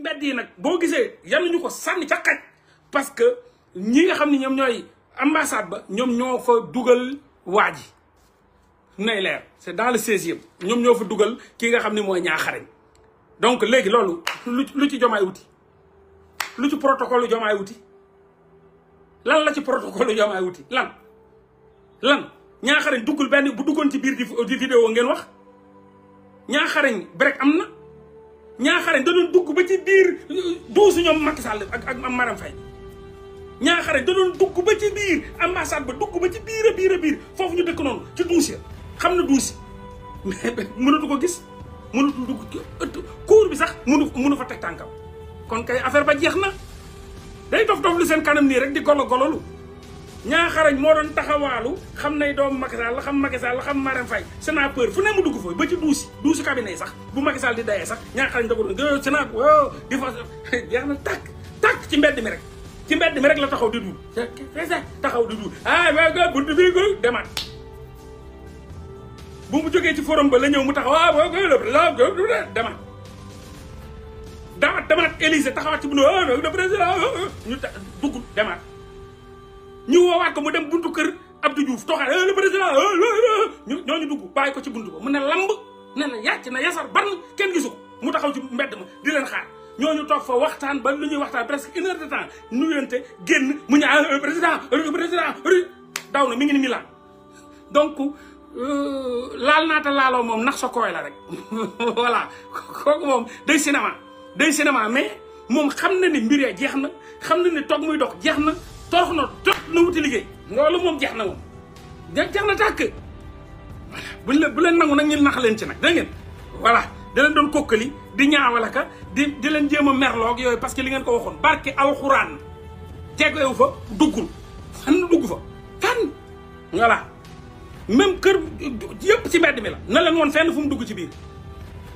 mbedd yi nag boo gisee yal ñu ko sànni ca xaj parce que ñi nga xam ni ñoom ñooy ambassade ba ñoom ñoo fa dugal waa ji nay leer c'est dans le seizième ñoom ñoo fa dugal ki nga xam ne mooy ñaaxarañ donc léegi loolu lu lu ci jomaay wuti lu ci protocole jomaay wuti lan la ci protocole wuti lan lan ñaaxarañ duggul benn bu duggoon ci biir di vidéo ngeen wax ñaaxarañ brek am na ñaaxare da doon dugg ba ci biir euh, duusu ñoom Macky Sall ak ak Maram Faye ñaaxare da doon dugg ba ci biir ambassade ba dugg ba ci biir a biir a biir foofu ñu dëkk noonu ci duus ya xam na duus yi mais mënatu ko gis mënatu dugg ëtt bi sax mënu mënu fa teg tànkam kon kay affaire ba jeex na day dof dof lu seen kanam nii rek di golo gololu ñaaxarañ mo doon taxawalu xam nay doom Macky Sall la xam Macky Sall la xam Marème Faye sénateur fu ne mu dugg fa ba ci duusi duusi cabinet sax bu Macky Sall di daye sax ñaaxarañ da ko doon gëw sénat di fa jeex na tak ci mbedd mi rek ci mbedd mi rek la taxaw di duul taxaw di duul ah mais ga buntu bii ko demat bu mu jógee ci forum ba la ñew mu taxaw ah boo gëy la demat demaat demaat Élysée taxaw ci bu no ah, le président ah, ñu dugg demat ñu woowaat ko mu dem buntu kër Abdou Diouf tooxal eh, le président eh, ñu ñooñu dugg bàyyi ko ci buntu ba mu ne lamb ne na yàcc na yasar barn kenn gisu ko mu taxaw ci mbedd ma di leen xaar ñooñu toog fa waxtaan ba lu ñuy waxtaan presque une heure de temps nuyante génn mu ñaa eh, président président daw na mi ngi ni Milan donc euh, laal naata laaloo moom nax sa kooy la rek voilà kooku moom day cinéma day cinéma mais moom xam na ni mbir jeex na xam na ni toog muy dox jeex na torox na wuti liggéey loolu mom jeex na won woon jeex na tak bu le bu le nangu nak ñil nax leen ci nak da ngeen wala da leen doon kokkeli di ñaawalaka di di leen jema a merloog yooyu parce que li ngeen ko waxon barke alquran alxuraan jegewu fa duggul fan na dugg fa kan wala même keur yépp ci mbedd mi la na leen won fenn fu mu dugg ci biir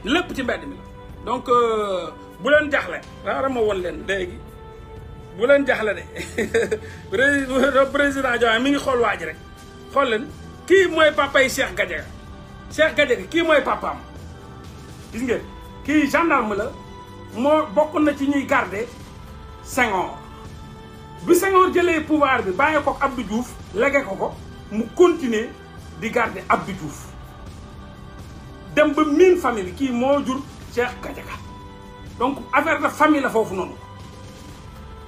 lepp ci mbedd mi la donc euh, bu leen jaxlé rara ma woon leen légui bu leen jaxle de président Diomaye mi ngi xool waa ji rek xool leen kii mooy papa yi Cheikh Gadiaga Cheikh Gadiaga kii mooy papaam gis ngeen kii gendarme la moo bokk na ci ñuy garder Senghor bu Senghor jëlee pouvoir bi bàyyi ko Abdou Diouf lege ko ko mu continuer di garder Abdou Diouf dem ba miin famille kii moo jur Cheikh Gadiaga donc affaire de famille la foofu noonu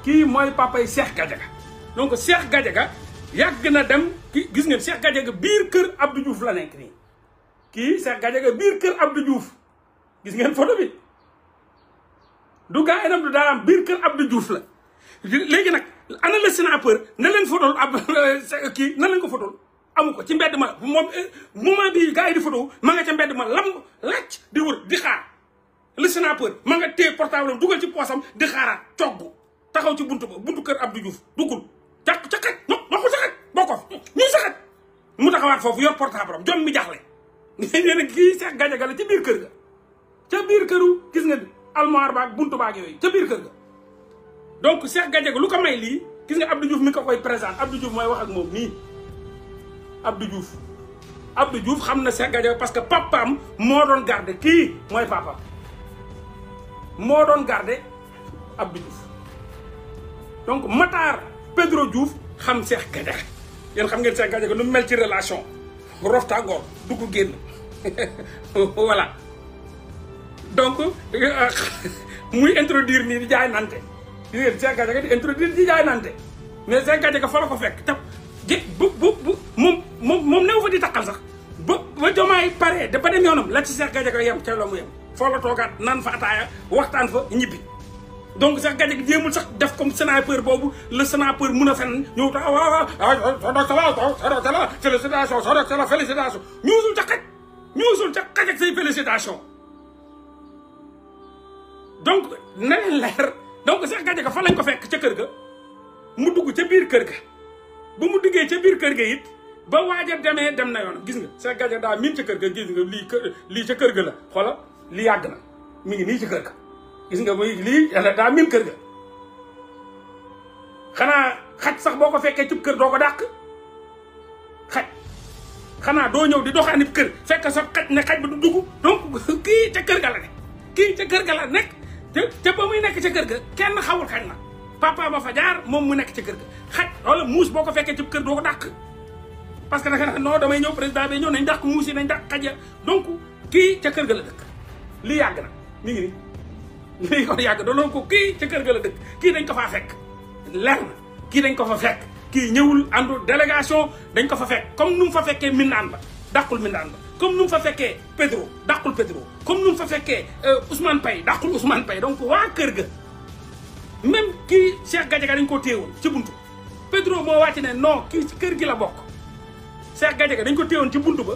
ki moy papa Cheikh Gadiaga donc Cheikh Gadiaga yag na dem gis ngeen Cheikh Gadiaga bir keur Abdou Diouf la nek ni ki Cheikh Gadiaga bir keur Abdou Diouf gis ngeen photo bi du gaa enam du daram bir keur Abdou Diouf la legui nak ana le snapper na len photo ab na len ko photo amu ko ci mbedd ma moment bi gaay di photo ma nga ci mbedd ma lam lacc di wour di xaar le snapper ma nga téye portable dougal ci poosam di taxaw ci buntu ba buntu keur Abdou Diouf duggul cak tak no waxul sakat bokkof ñu sakat mu taxawat fofu yor portable am jom mi jaxle ni na ki sax gajaga gal ci bir keur ga ci bir keuru gis nga almoir ba buntu baag yooyu ci bir keur ga donc seex gajaga lu ko may li gis nga Abdou Diouf mi ko koy present Abdou Diouf moy wax ak mom nii Abdou Diouf Abdou Diouf xamna Cheikh Gadiaga parce que papam mo don garder ki moy papa mo don garder Abdou Diouf donc Matar Pedro Diouf xam Cheikh Gadiaga yéen xam ngeen Cheikh Gadiaga nu mel ci relation rof tàngoor dugg génn voilà donc euh, muy introduire nii di jaay nante di ngeen Cheikh Gadiaga di introduire di jaay nante mais Cheikh Gadiaga fa la ko fekk tam gi bu bu bu moom moom moom new fa di takkal sax ba ba jomaay paree da ba dem yoonam la ci Cheikh Gadiaga yem ca la mu yem foo la toogaat naan fa ataaya waxtaan fa ñibbi donc sax Gagny jéemul sax def comme sniper boobu la le sniper mun a fenn ñëw ta waaw waaw félicitation sodoctala félicitation ñuusul ca xaj ñuusul ca xaj ak say félicitation donc na leen leer donc sax Gagny fa lañ ko fekk ca kër ga mu dugg ca biir kër ga ba mu duggee ca biir kër ga it ba waaj a demee dem na yoon gis nga Cheikh Gadiaga daa miin ca kër ga gis nga lii kër lii ca kër ga la xoola li yàgg na mi ngi nii ci kër ga gis nga muy li yalla da mil keur ga xana xat sax boko fekke ci keur kër dak xat xana do ñew di doxani keur fekk sa xat ne xat ba du duggu donc ki ci keur ga la nek ki ci keur ga la nek te te ba muy nek ci keur ga kenn xawul xat na papa ba fa jaar mom mu nek ci keur ga xat wala muus boko fekke ci keur kër dak parce que da ne no damay ñew président bi ñew nañ dak muus nañ dak xaj ya. donc ki ci keur ga la dak li yag na mi ngi mbiri kon yàgg danoon ko kii ca kër ga la dëkk kii dañ ko faa fekk leer na kii dañ ko fa fekk kii ñëwul àndul délégation dañ ko fa fekk comme nu mu fa fekkee Mindaan ba dàqul Mindaan ba comme nu mu fa fekkee Pedro dàqul Pedro comme nu mu fa fekkee euh, Ousmane Paye dàqul Ousmane Paye donc waa kër ga même kii Cheikh Gadiaga dañ koo téyewoon ci buntu Pedro moo wàcc ne non kii ci kër gi la bokk Cheikh Gadiaga dañ ko téyewoon ci buntu ba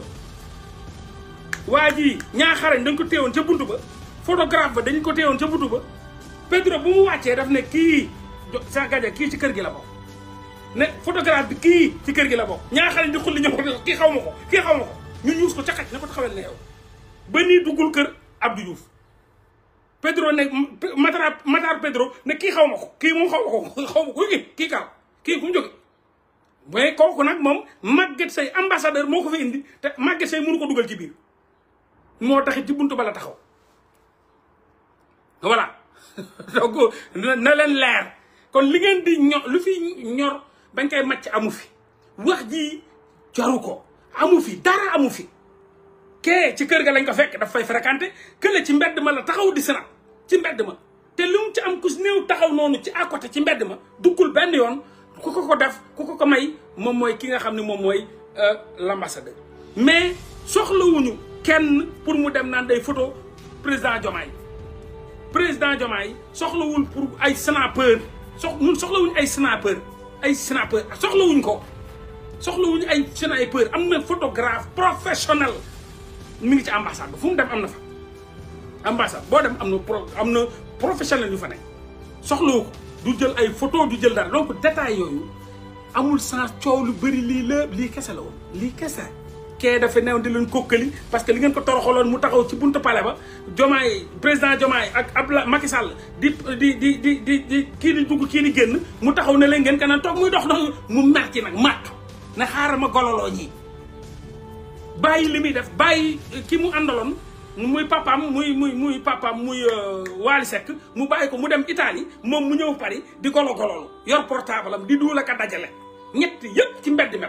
waa ji ñaaxarañ dañ ko téyewoon ca buntu ba photographe dañ ko téwon ci butu ba Pedro bu mu wacce daf ne ki sa gadja ki ci kër gi la bok ne photographe bi ci kër gi la bok ñaa xale di xul li ko kii xaw ma ko kii ñu ñuus ko ci xaj ne ko taxawel ne yow ba ni duggul kër Abdou Diouf Pedro ne Matar Matar Pedro ne ki xawmako ma ko xawmako xawmako ki ki ka ki ma ko kii kii kaaw kii fu mu jóge ambassadeur moko fi indi te magget say mënu ko duggal ci bir mo taxit ci buntu bala taxaw voilà donc na leen leer kon li ngeen di ñor lu fi ñor bañ koy màcc amu fi wax ji jaru ko amu fi dara amu fi kee ci kër ga lañ ko fekk daf fay fréquenté kële ci mbedd ma la taxaw di sina ci mbedd ma te lu mu ci am kus néew taxaw noonu ci à côté ci mbedd ma duggul benn yoon ku ko ko def ku ko ko may moom mooy ki nga xam ne moom mooy euh, l'ambassadeur mais soxlawuñu kenn pour mu dem naan day photo président Diomaye président Diomaye soxlawul pour ay snapper sox ñun soxlawuñ ay snapper ay snapper soxlawuñ ko soxlawuñ ay sniper amna photographe professionnel mi ngi ci ambassade fu mu dem amna fa ambassade bo dem amna amna pro professionnel yu fa nek soxlawu ko du jël ay photo du jël dara donc détail yoyu amul sens ciow lu bari li le li kessa la won li kessa kee dafa neew di leen kokkali parce que li ngeen ko toroxaloon mu taxaw ci buntu palais ba jomaay président jomaay ak Abla Macky Sall di di di di di di kii di dugg kii di génn mu taxaw ne leen ngeen kanam toog muy dox dox mu mer ci nag màtt ne xaaral ma gololoo ñii bàyyi li muy def bàyyi ki mu àndaloon muy papam muy muy muy papam muy euh, Wally mu bàyyi ko mu dem italy mom mu ñew Paris di golo gololu yor portable am di duul ka dajale ñet yep ci mbedd mi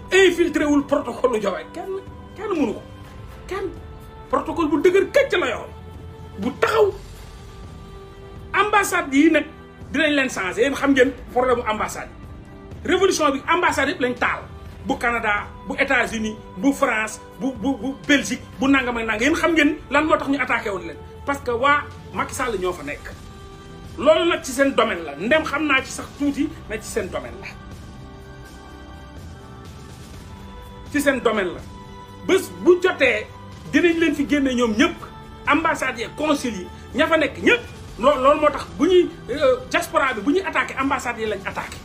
infiltré wul protocole lu Diomaye kenn kenn mënu ko kenn protocole bu dëgër këcc la yoon bu taxaw ambassade yi nag dinañ leen changé yéen xam ngeen problème mu ambassade yi révolution bi ambassade yëpp lañ taal bu Canada bu États-Unis bu France bu bu bu Belgique bu nangam ak nangam yéen xam ngeen lan moo tax ñu attaqué woon leen parce que waa Macky Sall ñoo fa nekk loolu nag ci seen domaine la ndem xam naa ci sax tuuti na ci seen domaine la ci seen domaine la bés bu jotee dinañ leen fi génne ñoom ñëpp ambassades yi consuls yi ña fa nekk ñëpp loolu lool moo tax bu ñuy euh, diaspora bi bu ñuy attaqué ambassades yi lañ attaqué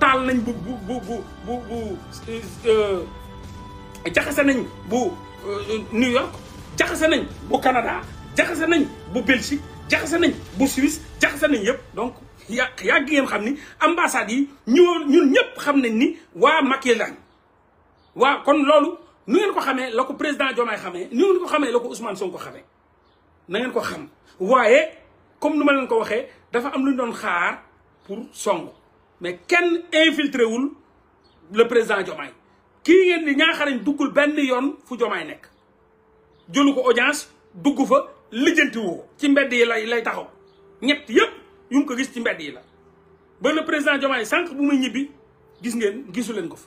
taal nañ bu bu bu bu bu bu euh, jaxase nañ bu euh, New York jaxase nañ bu Canada jaxase nañ bu Belgique jaxase nañ bu Suisse jaxase nañ yëpp donc yàgg yàgg ngeen xam ni ambassades yi ñoo ñun ñëpp xam nañ ni waa Macky lañ wa kon lolu nu ngeen ko xamé lako président Diomaye xamé nu ngeen ko xamé lako Ousmane Sonko xamé na ngeen ko xam wayé comme nu ma leen ko waxé dafa am lu ñu doon xaar pour songo mais kenn infiltré wul le président Diomaye ki ngeen ni ñaaxarañ duggul Ben yoon fu Diomaye nek jëlu ko audience dugg fa lijjanti woo ci mbedd yi lay lay taxaw ñett yépp yu ko gis ci mbedd yi la ba le président Diomaye sank bu muy ñibi gis ngeen gisulen ko fa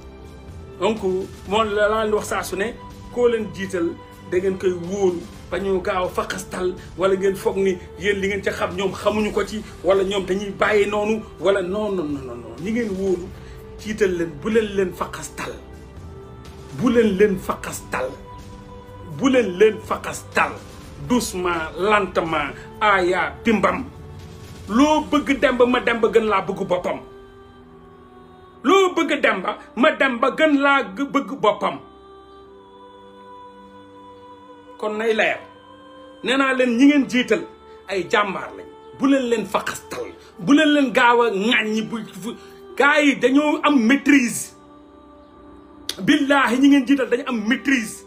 donc moom la laa wax saa su ne koo leen jiital da ngeen koy wóolu ba ñu gaaw a faqastal wala ngeen foog ni yéen li ngeen ca xam ñoom xamuñu ko ci wala ñoom dañuy bàyyi noonu wala non non non non ñi ngeen wóolu jiital leen bu leen leen faqastal bu leen leen faqastal bu leen leen faqastal doucement lentement aaya pimbam loo bëgg demb ma demb gën laa bëgg boppam loo bëgg dem ma dem ba gën laa bëgg boppam kon nay leer nee naa leen ñi ngeen jiital ay jàmbaar lañ bu leen leen faxastal bu leen leen gaaw a ŋàññi bu gars yi dañoo am maîtrise billaahi ñi ngeen jiital dañu am maîtrise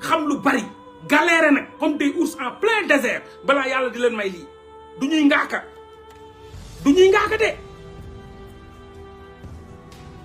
xam lu bari galère nag comme des ours en plein désert balaa yàlla di leen may lii du ñuy ngaaka du ñuy ngaaka de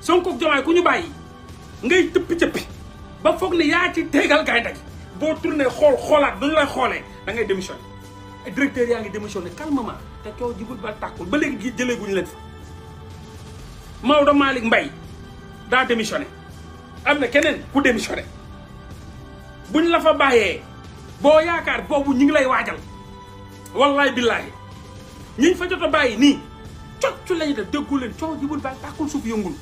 Sonko Diomaye ku ñu bàyyi ngay tëpp cëppi ba foog ne yaa ci tegal gaay daj boo tourné xool xoolaat duñu lay xoolee da ngay démissionné directeur yaa ngi démissionné calmement te coow jibul ba tàkkul ba léegi jëleeguñu leen fa Maodo Malick mbay daa démissionné am na keneen ku démissionné buñ la fa bàyyee boo yaakaar boobu ñu ngi lay waajal wallaay billaahi ñiñ fa jot a bàyyi nii cocc lañu def déggu leen coow jibul ba tàkkul suuf yëngul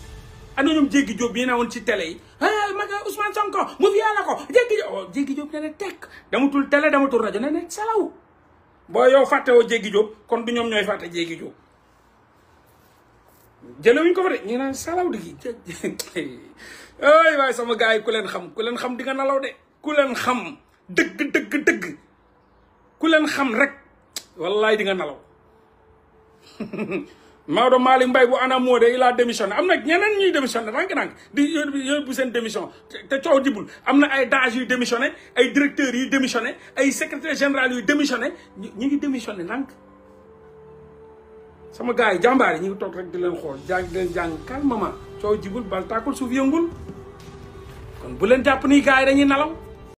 ana ñoom Jéggi Diop yéen a woon ci télé yi hey eh, Maga Ousmane Sonko mu fi yàlla ko Jéggi Diop oh, Jéggi Diop nee na tekk damatul télé damatul rajo nee na salaw boo yow fàtte woo Jéggi Diop kon du ñoom ñooy fàtte Jéggi Diop jëlee wuñ ko fa de ñu naan salaw di kii ay waaye sama gars yi ku leen xam ku leen xam di nga nalaw de ku leen xam dëgg dëgg dëgg ku leen xam rek wallaay di nga nalaw Maodo Malick mbay bu ANAMO de il a démissionné am na ñeneen ñuy démissionné rànk-rànk di yóbbu seen démission te coow jibul am na ay DAGE yuy démissionné ay directeurs yuy démissionné ay secrétaire général yuy démissionné ñu ngi démissionné rànk sama gars yi jàmbaar yi ñu ngi toog rek di leen xool jàng di leen jàng calmement coow jibul bal taakul suuf yëngul kon bu leen jàpp ni gars yi dañuy nalaw